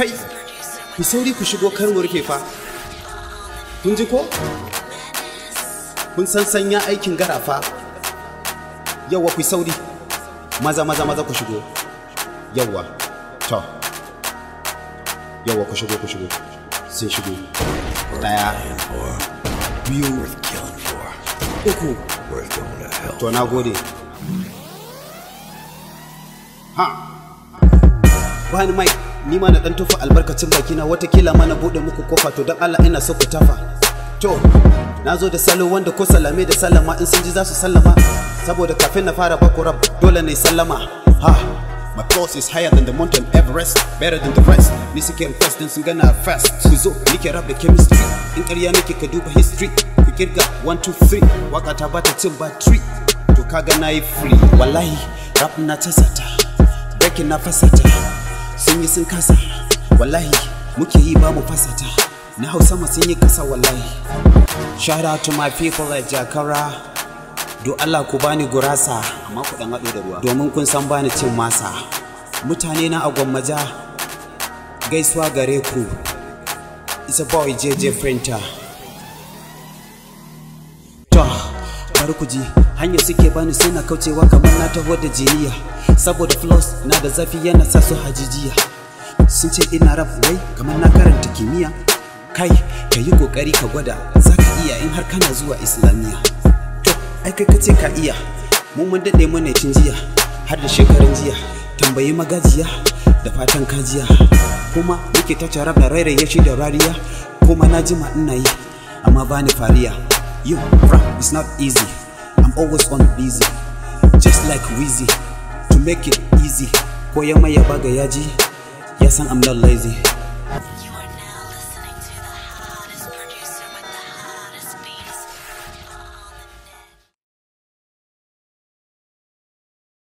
kai ki sauri ku shigo karuwar ke fa kun ji ko kun san sanya aikin gara fa yawwa ku sauri maza maza maza ku shigo yawwa to yawwa ku shigo ku shigo sun shigo daya biyu uku to na gode ha bani mike ni ma na dan tufa albarkacin baki na wata ma na bude muku kofa to dan Allah ina so ku tafa to na zo da salo wanda ko salame da sallama in sun ji za su sallama saboda kafin na fara baku rab dole ne sallama ha My pulse is higher than the mountain Everest, better than the rest. Ni suke request din sun gana fast. Ku zo ni ke rap da chemistry. In ƙarya nake ka duba history. Ku kirga 1 2 3. Waka ta bata cin battery. To kaga nayi free. Wallahi rap na tasata. Breaking na fasata. sun yi sun kasa wallahi muke yi babu fasata na hausa ma sun yi kasa wallahi shout out to my people at jakara do Allah ku bani gurasa amma ku dan hado da ruwa domin kun san bani cin masa mutane na a gwammaja gaisuwa gare ku isa boy JJ Printer to bari ku ji hanyar suke bani suna kaucewa kamar na taho da jiniya saboda flows na da zafi na sa su hajijiya sun ce ina rap wai kamar na karanta kimiyya kai ka yi kokari ka gwada za ka iya in har kana zuwa islamiyya to ai kai kace ka iya mun mun daɗe mana tun jiya har da shekaran jiya tambayi magajiya da fatan kajiya kuma muke ta da rairaye shi da rariya kuma na jima ina yi amma ba ni fariya you rap is not easy i'm always on busy just like wheezy make it easy ko ya mai baga yaji ya san I'm not lazy